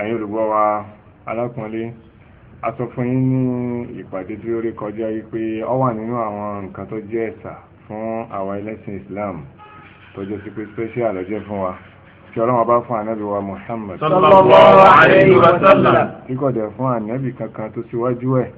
ẹ̀yin olùgbọ́ wa alákùnlé a sọ fún yín ní ìpàdé tí ó rí kọjá yìí pé ó wà nínú àwọn nǹkan tó jẹ́ ẹ̀sà fún àwa ẹlẹ́sìn Islam tó jẹ́ sí pé special lọ́jẹ́ fún wa tí ọlọ́wọ́ bá fún ànábì wa Muhammad sallallahu alayhi wa sallam tí kò dẹ̀ fún ànábì kankan tó síwájú ẹ̀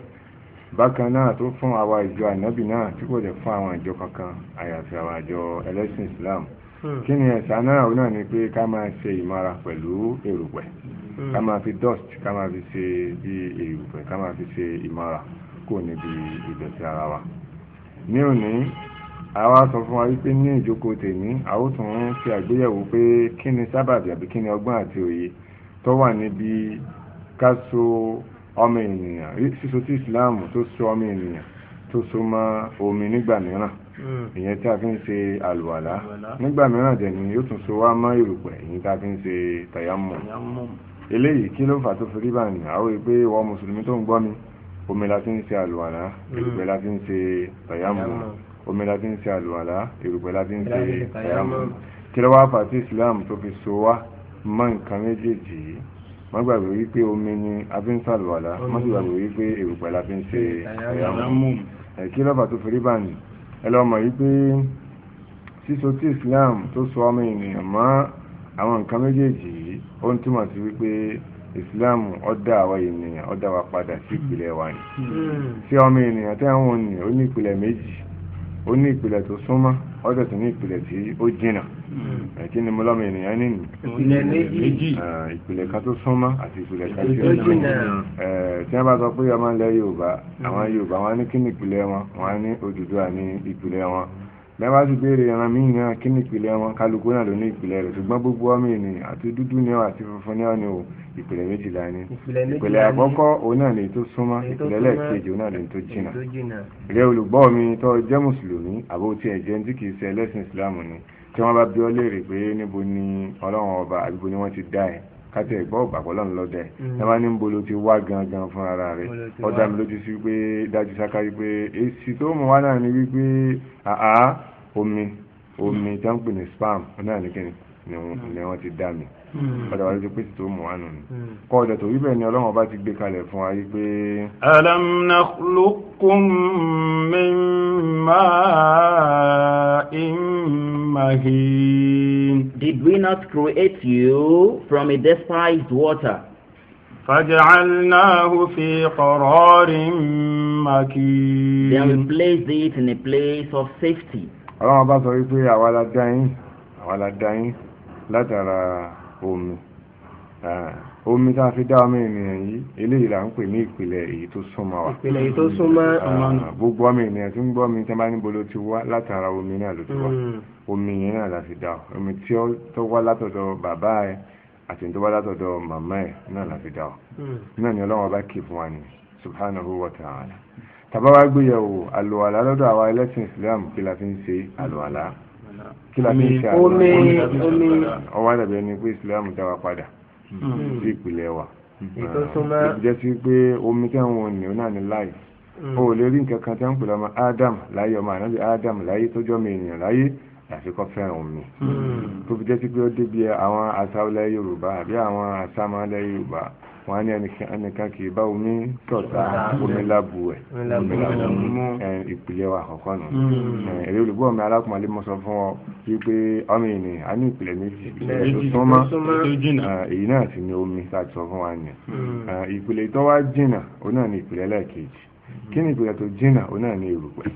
bákan náà tó fún àwa ìjọ ànábì náà tí kò dẹ̀ fún àwọn ìjọ kankan àyàfi àwọn àjọ ẹlẹ́sìn Islam hmm. kí ni ẹ̀sà náà náà ni pé ká máa ṣe ìmọ̀ra pẹ̀lú èrùpẹ̀ ká mm. máa fi dust ká máa fi ṣe bí èrùpẹ̀ ká máa fi ṣe ìmọ̀ra kò níbi ìdọ̀tí ara wa ní òní àwa sọ fún wa wípé ní ìjókòó tèmi a ó tún ṣe àgbéyẹ̀wò pé kí ni sábàbí àbí kí ni ọgbọ́n àti òye tó wà níbi ká so ọmọ ènìyàn síso tí ìsìláàmù tó so ọmọ ènìyàn tó so mọ́ omi nígbà mìíràn mm. ìyẹn tí a fi ń ṣe àlùwàlá nígbà mìíràn dẹ̀ ni yóò tún so wá mọ́ ìrùpẹ̀ ìyẹn tí a fi ń ṣe tàyámù eléyìí kí ló fà tó fi rí bá ní àwọn ìpè wọ́n mùsùlùmí tó ń gbọ́ mi omi la ti ń ṣe àlùwàlá mm. erùpẹ̀ la ti ń ṣe tàyàmù omi la ti ń ṣe àlùwàlá erùpẹ̀ la ti ń ṣe tàyàmù kí ló wá fà tí Islam tó fi so wá mọ́ nǹkan méjèèjì yìí má gbàgbé wípé omi ni a fi ń ṣàlùwàlá má sì gbàgbé wípé erùpẹ̀ la fi ń ṣe tàyàmù kí ló fà tó fi rí bá ní ẹ lọ́mọ yìí pé sísọ tí Islam tó so ọmọ ènìyàn mọ́ àwọn nǹkan méjèèjì yìí ó ń túmọ̀ sí wípé islam ọ̀dà àwa ènìyàn ọ̀dà wa padà sí ìpìlẹ̀ wa ni sí hmm. ọmọ ènìyàn tí àwọn ènìyàn ó ní ìpìlẹ̀ méjì ó ìpìlẹ̀ tó súnmọ́ tó ní ìpìlẹ̀ tí ó jìnà hmm. ni mo lọ́mọ ènìyàn nínú ìpìlẹ̀ ìpìlẹ̀ kan tó súnmọ́ àti ìpìlẹ̀ kan tó jìnà tí wọ́n bá sọ pé yorùbá àwọn hmm. yorùbá wọn ní bẹ́ẹ̀ bá sì béèrè ẹran míì náà kí ni ìpìlẹ̀ wọn kálukú náà ló ní ìpìlẹ̀ rẹ̀ ṣùgbọ́n gbogbo ọmọ ènìyàn àti dúdú ni ọ àti funfun ni ọ ni ìpìlẹ̀ méjìlá ni ìpìlẹ̀ àkọ́kọ́ òun náà lè tó súnmọ́ ìpìlẹ̀ lẹ́ẹ̀kejì òun náà lè tó jìnà ìrẹ́ olùgbọ́ mi tó jẹ́ mùsùlùmí àbó tí ẹ̀ jẹ́ tí kì í ṣe ẹlẹ́sìn ìsìlámù ni tí wọ́n bá bí ọ léèrè pé níbo ni ọlọ́run ọba àbíbo ni wọ́n ti dá ẹ̀ kátẹ ìgbọ́ ògbàpọ̀lọ́n lọ́dẹ ẹ máa mm. ní ń bolo ti wá gangan fún ara rẹ ọ̀dà mi ló ti sí pé dájú sáká wípé èsì tó mú wá náà ni wípé àá omi omi tí wọ́n ń pè ní ni wọ́n ti dá mi hmm. padà wà lójú pé tó mọ̀ wánu ni hmm. kọ́ ọ̀dọ̀ tó wíbẹ̀ ni ọlọ́run bá ti gbé kalẹ̀ fún wa pé. alam nakhluqukum min ma'in mahin. did we not create you from a despised water. فجعلناه في قرار مكين. then we placed it in a place of safety ọlọ́wọ́n bá sọ wípé àwa la dá yín àwa látara omi omi tá a fi dá ọmọ ènìyàn yìí eléyìí là ń pè ní ìpìlẹ̀ èyí tó súnmọ́ wa ìpìlẹ̀ èyí tó súnmọ́ àwọn gbogbo ọmọ ènìyàn tí ń gbọ́ mi tí wọ́n bá níbo ló ti wá látara omi náà ló ti wá mm. omi yẹn náà la fi dá ọ omi tí ó tó wá látọ̀dọ̀ bàbá ẹ àti tó wá látọ̀dọ̀ màmá ẹ náà la dá ọ mm. náà ni ọlọ́wọ́n bá kì fún wa ni subhanahu wa ta'ala tàbá wá gbéyàwó àlùwàlá lọ́dọ̀ àwa ẹlẹ́sìn Islam kí la fi ń ṣe àlùwàlá kí la fi ń ṣe àlùwàlá ọwọ́ àdàbẹ̀ ni pé Islam dá wa padà hmm. sí ìpìlẹ̀ wa jẹ́ sí pé omi kẹ́hìn òní náà ní láì o hmm. lè rí nǹkan kan tí wọ́n pè lọ́mọ Adam láyé ọmọ ànábì Adam láyé tó jọ́ mi ènìyàn láyé àfikọ́ fẹ́ràn omi hmm. tó fi jẹ́ sí pé ó débi àwọn àṣà Yorùbá àbí àwọn àṣà Yorùbá wọ́n ni ní ẹnìkan kì í bá omi tọ̀ta omi lábu ẹ̀ omi lábu mú ìpìlẹ̀ wa àkọ́kọ́ nù. Mm. èrè olùgbọ́ mi alákùnrin mo sọ fún ọ wípé ọmọ ènìyàn á ní ìpìlẹ̀ méjì ìpìlẹ̀ tó èyí náà sì ni omi tá a ti sọ fún wa nìyẹn. Mm. ìpìlẹ̀ tó wá jìnnà òun náà ni ìpìlẹ̀ lẹ́ẹ̀kejì kí ni ìpìlẹ̀ tó jìnnà òun náà ni èrùpẹ̀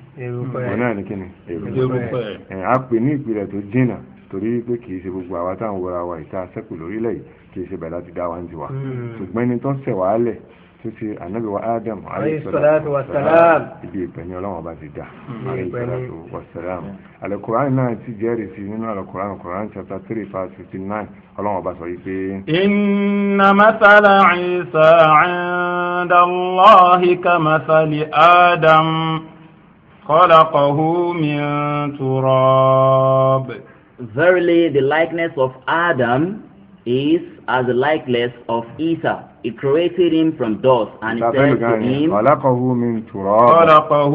òun náà ni kí ni èrùpẹ̀ a torí pé kì í ṣe gbogbo àwa táwọn wọra wa ìta sẹ́kù lórílẹ̀ yìí kì ṣe bẹ̀rẹ̀ láti dá wa ń ti wa hmm. ṣùgbọ́n ẹni tó ń sẹ̀ wá lẹ̀ tó ṣe ànábì wa Adam alayhi salatu wa salam Verily, the likeness of Adam is as the likeness of Isa. He created him from dust, and he said to him, خلقه من تراب. خلقه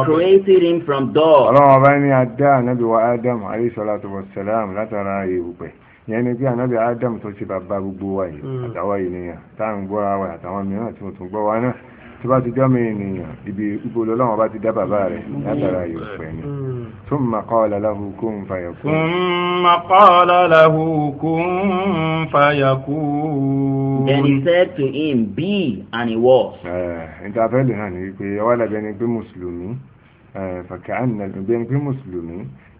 He created him from dust. ọlọ́run ọba ní adá anábì wa Adam alayhi wa salam látara ìwùpẹ̀ yẹn ni bí anábì Adam tó ti bàbá gbogbo wa yìí hmm. àtàwọn ènìyàn tá à ń gbọ́ra wa àtàwọn mìíràn tí wọ́n tún gbọ́ wa náà tí wọ́n ti jọ́ mi ènìyàn ibi ìbò lọ́lọ́run ọba ti dá bàbá rẹ̀ látara hmm. ìwùpẹ̀ ni. Hmm. ثم قال له كن فيكون ثم قال له كن فيكون Then he said to him be and he was. ìtàfẹ́lẹ̀ hàn ní pé ọwọ́dàbí ẹni pé mùsùlùmí fàkà ànàbí ẹni pé mùsùlùmí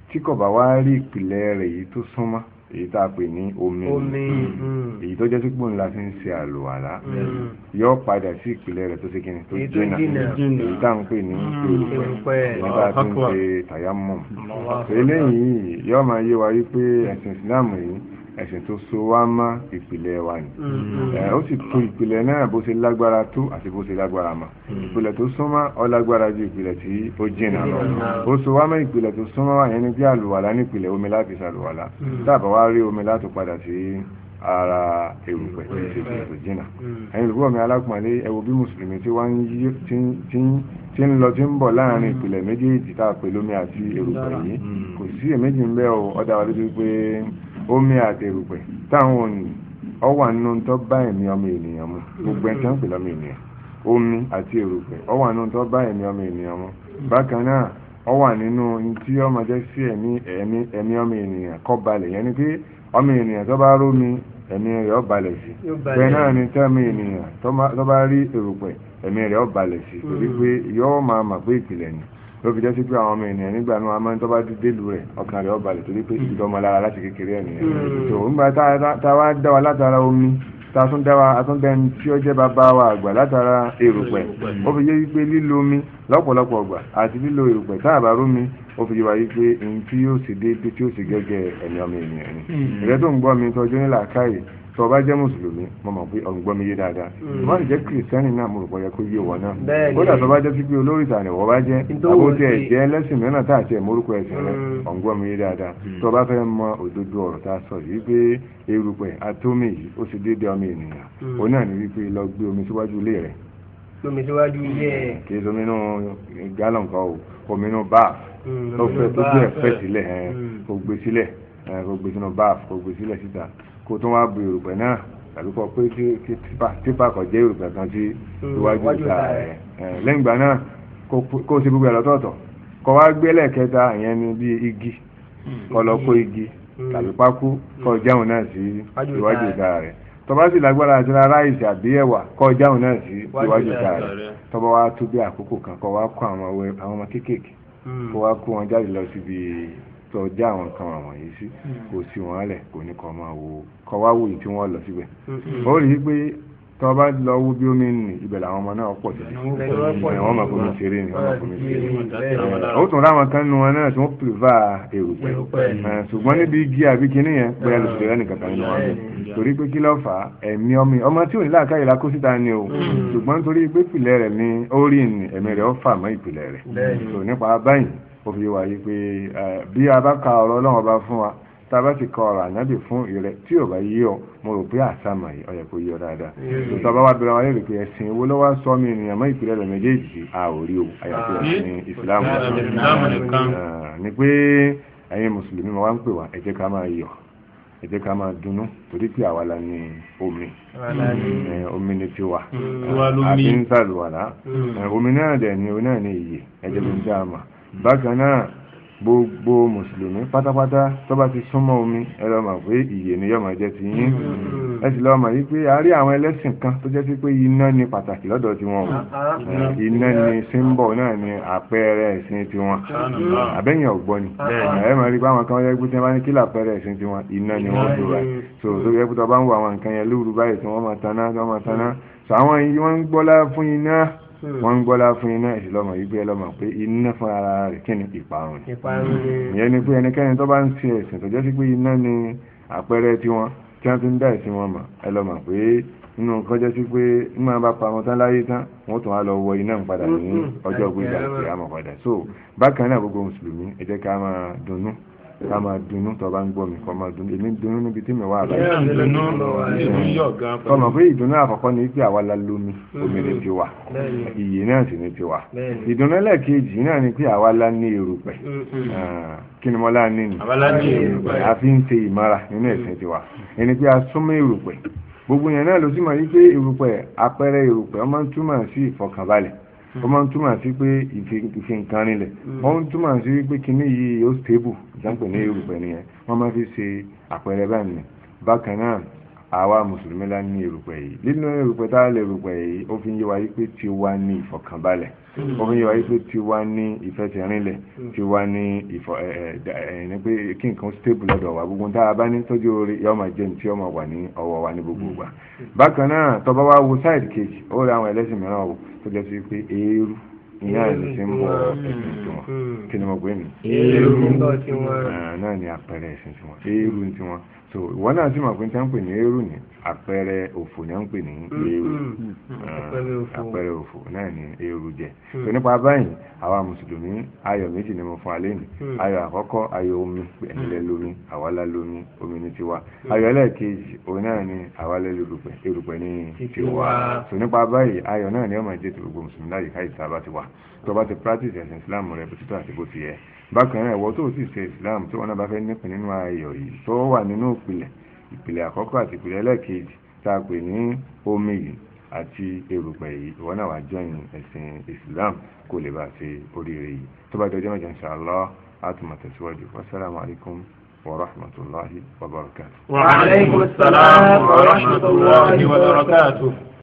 tí kò bá wá rí ìpìlẹ̀ rẹ̀ yìí tó súnmọ́ èyí tá a pè ní omi hmm. Hmm. èyí tó jẹ́ sí pò ńlá fi ń ṣe àlùwàlá hmm. yóò padà sí ìpìlẹ̀ rẹ̀ tó ṣe kíni tó jìnà èyí tá à ń pè ní erùpẹ̀ nígbà tó ń ṣe tàyámọ̀ eléyìí yóò máa yé wa wípé ẹ̀sìn ìsìláàmù yìí ẹ̀sìn tó so wá mọ́ ìpìlẹ̀ wa ni mm, mm. ó sì tó ìpìlẹ̀ náà bó ṣe lágbára tó àti bó ṣe lágbára mọ́ mm. ìpìlẹ̀ tó súnmọ́ ọ lágbára ju ìpìlẹ̀ tí ó jìnà lọ ó so wá mọ́ ìpìlẹ̀ tó súnmọ́ wà yẹn ni bí àlùwàlá ní ìpìlẹ̀ omi láti ṣàlùwàlá dábàá wá rí omi láti padà sí ara erùpẹ̀ tí ṣe fi ẹ̀sọ̀ jìnà ẹ̀yin olùkọ́ mi alákùnmalé ẹ wo bí mùsùlùmí tí wọ́n ti ń lọ tí ń bọ̀ láàrin ìpìlẹ̀ méjèèjì tá a pè lómi àti erùpẹ̀ yìí kò sí èméjì ń bẹ́ ọ ọ̀dà wa lójú pé omi àti erùpẹ̀ táwọn òyìn ọwà nínú tó bá ẹ̀mí ọmọ ènìyàn mu gbogbo ènìyàn omi àti erùpẹ̀ ọwà nínú tó bá ẹ̀mí ọmọ ènìyàn mu bákan náà ọwà nínú tí ọmọ sí ẹ̀mí ẹ̀mí ẹ̀mí ọmọ ènìyàn kó balẹ̀ yẹn ni pé ọmọ ènìyàn tó bá rómi ẹ̀mí rẹ̀ balẹ̀ sí bẹ́ẹ̀ náà ni ènìyàn tó ló fi jẹ́ sí pé àwọn ọmọ ènìyàn nígbà náà máa ń tọ́ bá ti délùú rẹ̀ ọkàn rẹ̀ ọba lè torí pé ìdọ́ ọmọ lára láti kékeré ẹ̀ nìyẹn tó hmm. nígbà tá a wá dá wa látara omi tá a tún dá wa a tún dá ẹni tí ó jẹ́ bàbá wa àgbà látara èrùpẹ̀ ó fi yé wípé lílo omi lọ́pọ̀lọpọ̀ ọgbà àti lílo èrùpẹ̀ tá a bá rómi ó fi wáyé pé ohun tí yóò sì déédéé tí yóò sì gẹ́gẹ́ ẹ̀mí ọmọ ènìyàn ni hmm. ìrẹ́ tó ń gbọ́ mi tọ́jú nílà káyè tó bá jẹ́ mùsùlùmí mo mọ̀ pé ọ̀gbọ́n mi yé dáadáa hmm. má sì jẹ́ kìrìsìtẹ́nì náà mo rò pọ̀ yẹ kó yé wọ náà kódà tó bá jẹ́ sí pé olórí ìtàn ìwọ bá jẹ́ àbótẹ́ ẹ̀jẹ̀ ẹlẹ́sìn mìíràn tá àti ẹ̀mórúkọ ẹ̀sìn rẹ hmm. ọ̀gbọ́n mi yé dáadáa hmm. tó bá fẹ́ mọ òdodo ọ̀rọ̀ tá a sọ yìí pé erùpẹ̀ atómi yìí ó sì dédé ọmọ ènìyàn òun náà ní wípé lọ gbé omi síwájú ilé rẹ̀ lómi síwájú ilé ẹ̀ kì í o omi nù báàfù tó fẹ́ tó gbé ẹ̀fẹ́ sílẹ̀ kò gbé sílẹ̀ kò gbé sínú báàfù kò gbé sílẹ̀ kó tó wá bu erùpẹ̀ náà tàbí kọ pé kí tipa kọ jẹ́ erùpẹ̀ kan sí hmm, iwájú ìta rẹ̀ lẹ́yìn ìgbà náà kó o ṣe gbogbo ẹ̀ lọ́tọ̀ọ̀tọ̀ kọ wá gbé lẹ́ẹ̀kẹta ìyẹn ni bíi igi hmm, kọ lọ kó igi hmm. tàbí pákó kọ jáun náà sí iwájú ìta rẹ̀ tọba sì lágbára àti rárá ìsì àbí ẹwà kọ jáun náà sí iwájú ìta rẹ tọba wa tó bí àkókò kan kọ wa kó àwọn ọmọ kéékèèké kó wa kó wọn jáde lọ síbi tó já àwọn kan àwọn yìí sí hmm. kò sí wọn lẹ̀ kò ní kọ́ máa wo kọ́ wá wòye tí wọ́n lọ síbẹ̀ hmm. ó rí i pé tó bá lọ wú bí omi nì ibẹ̀ làwọn ọmọ náà pọ̀ sí ẹ̀ wọ́n máa fomi ṣeré ni wọ́n máa ṣeré ó tún ráwọn kan nu wọn náà tí wọ́n pèvà èrò pẹ̀ ṣùgbọ́n níbi igi àbí kinní yẹn bóyá lè ṣe ẹnì nínú wọn torí pé kí ló fà á ẹ̀mí ọmọ ọmọ tí ò ní làákàyè la kó síta ni o mm. ṣùgbọ́n torí pé ìpìlẹ̀ rẹ̀ ni ó rí ni ẹ̀mí rẹ̀ ó fà mọ́ ìpìlẹ̀ rẹ̀ tó nípa báyìí ó fi wà yí pé bí a bá ka ọ̀rọ̀ ọlọ́run ọba fún wa tá a bá ti kọ ọ̀rọ̀ ànábì fún ìrẹ tí ò bá yí ọ mo rò pé àsàmà yìí ọyẹ kò yí ọ dáadáa mm. tòtò ọba wa bẹ̀rẹ̀ wọn lérò pé ẹ̀sìn owó lọ́wọ́ sọ mí ènìyàn mọ́ ìpìlẹ̀ rẹ̀ méjèèjì a ò rí o àyàfi ẹ̀sìn ìsìlámù ni pé ẹ̀yin mùsùlùmí wọn wá ń pè wá ẹ jẹ́ ká máa yọ̀ ẹ jẹ́ ká máa dunnú torí pé àwa la ní omi omi ni tiwa àbí mm, ń sàlùwàlá mm. omi náà dẹ̀ ni omi náà ní iye ẹ jẹ́ kí dá a mọ̀ bákan náà gbogbo mùsùlùmí pátápátá tó bá ti súnmọ́ omi ẹ lọ mọ̀ pé ìyè ni yọ̀mọ̀ jẹ́ ti yín mm-hmm. ẹ sì lọ mọ̀ yí pé a rí àwọn ẹlẹ́sìn kan tó jẹ́ sí pé iná ni pàtàkì lọ́dọ̀ tiwọn mm-hmm. iná ni símbọ̀ náà ni àpẹẹrẹ ẹ̀sìn tiwọn àbẹ́yìn mm-hmm. ọ̀gbọ́n ni ẹ mọ̀ rí pé àwọn kan yẹ pé tí wọ́n bá ní kí làpẹẹrẹ ẹ̀sìn tiwọn iná ni wọ́n tó báyìí so tó yẹ pé tó bá ń wo àwọn nǹkan yẹn lóru báyìí tí wọ́n máa taná tí wọ́n máa taná Hmm. wọ́n ń gbọ́lá fún iná ẹ̀sìn lọ́mọ yìí pé ẹlọ́mọ pé iná fún ara rẹ̀ kí ni ìparun ni ìyẹn ni pé ẹnikẹ́ni tó bá ń ṣe ẹ̀sìn tó jẹ́ sí pé iná ni àpẹẹrẹ tiwọn tí wọ́n fi ń dá ẹ̀sìn wọn mọ̀ ẹlọ́mọ pé nínú nǹkan jẹ́ sí pé nígbà bá pa wọn tán láyé tán wọ́n tún á lọ wọ iná padà ní hmm, hmm. ọjọ́ gbígbà àti àmọ̀ padà so bákan náà gbogbo mùsùlùmí ẹ jẹ́ ká máa dunnú ká máa dunú tó bá ń gbọ́ mi kọ́ máa dunú èmi dunú níbi tí mi wà báyìí. kọ́mọ̀ pé ìdùnnú àkọ́kọ́ ni pé àwa la lómi mm-hmm. omi ni ti wà iyì náà sì ni ti wà ìdùnnú ẹlẹ́ẹ̀kejì náà ni pé àwa la ní erùpẹ̀ mm-hmm. ah, kí ni mo lá ní ni a fi ń ṣe ìmọ̀ra nínú mm-hmm. ẹ̀sìn ti wà ẹni pé a súnmọ́ erùpẹ̀ gbogbo yẹn náà ló sì mọ̀ yí erùpẹ̀ apẹ̀rẹ̀ erùpẹ̀ ọmọ túmọ̀ sí ìfọkànbalẹ̀ ó máa ń túmọ̀ sí pé ìfi nǹkan rinlẹ̀ wọ́n hmm. ń túmọ̀ sí pé kinní yìí ó stable ìjànpẹ̀ ní erùpẹ̀ nìyẹn wọ́n máa fi ṣe àpẹẹrẹ báyìí bákan náà àwa mùsùlùmí la ní erùpẹ̀ yìí nínú erùpẹ̀ tá a lè erùpẹ̀ yìí ó fi ń yé wa yí pé ti wá ní ìfọ̀kànbalẹ̀ hmm. ó fi ń yé wa yí pé ti wá ní ìfẹsẹ̀rinlẹ̀ hmm. ti wá ní ìfọ̀ ẹ̀ ẹ̀ ní pé kí nǹkan stable lọ́dọ̀ wa gbogbo tá a bá ní tọ́jú orí yóò máa jẹun tí yóò máa wà ní ọwọ́ wa ní gbogbo ìgbà bákan náà tó bá wo side kejì ó rí àwọn ẹlẹ́sìn mìíràn wò tó jẹ́ sí pé eérú ìyá ẹni tí ń bọ hmm, hmm, ẹ̀sìn hmm, tí wọn kí ni mo gbé mi eérú ah, náà ni àpẹẹrẹ ẹ̀sìn tí wọn eérú tí wọn so ìwọ náà sì mọ̀ pé tí wọ́n ń pè ní eérú ni àpẹẹrẹ òfò ni wọ́n ń pè ní mm-hmm. eérú mm-hmm. Ah, àpẹẹrẹ òfò náà ni eérú jẹ́ hmm. so nípa báyìí àwa mùsùlùmí ayọ̀ méjì ni mo fún alẹ́ nì hmm. ayọ̀ àkọ́kọ́ ayọ̀ omi ẹ̀nilẹ̀ hmm. lómi àwálá lómi omi ní tiwa ayọ̀ ẹlẹ́ẹ̀kejì òun náà ni àwálẹ̀ lórúpẹ̀ erùpẹ̀ ní tiwa so nípa báyìí ayọ̀ náà ni ó máa jẹ́ ti gbogbo mùsùlùmí láyìíká ìta bá ti wà tó bá ti practice ẹ̀sìn islam rẹ̀ bó ti tó àti bó ti yẹ bákan náà ìwọ tó sì ṣe islam tí wọn náà bá fẹ́ nípìn nínú ayọ̀ yìí tó wà nínú ìpìlẹ̀ ìpìlẹ̀ àkọ́kọ́ àti ìpìlẹ̀ ẹlẹ́ẹ̀kejì tá a pè ní omi yìí àti erùpẹ̀ yìí ìwọ náà wà join ẹ̀sìn islam kó lè bá ṣe oríire yìí tó bá dọjọ́ mẹ́jọ inshallah àtúmọ̀ tẹ̀síwájú wassalamu ورحمة الله وبركاته وعليكم السلام ورحمة الله وبركاته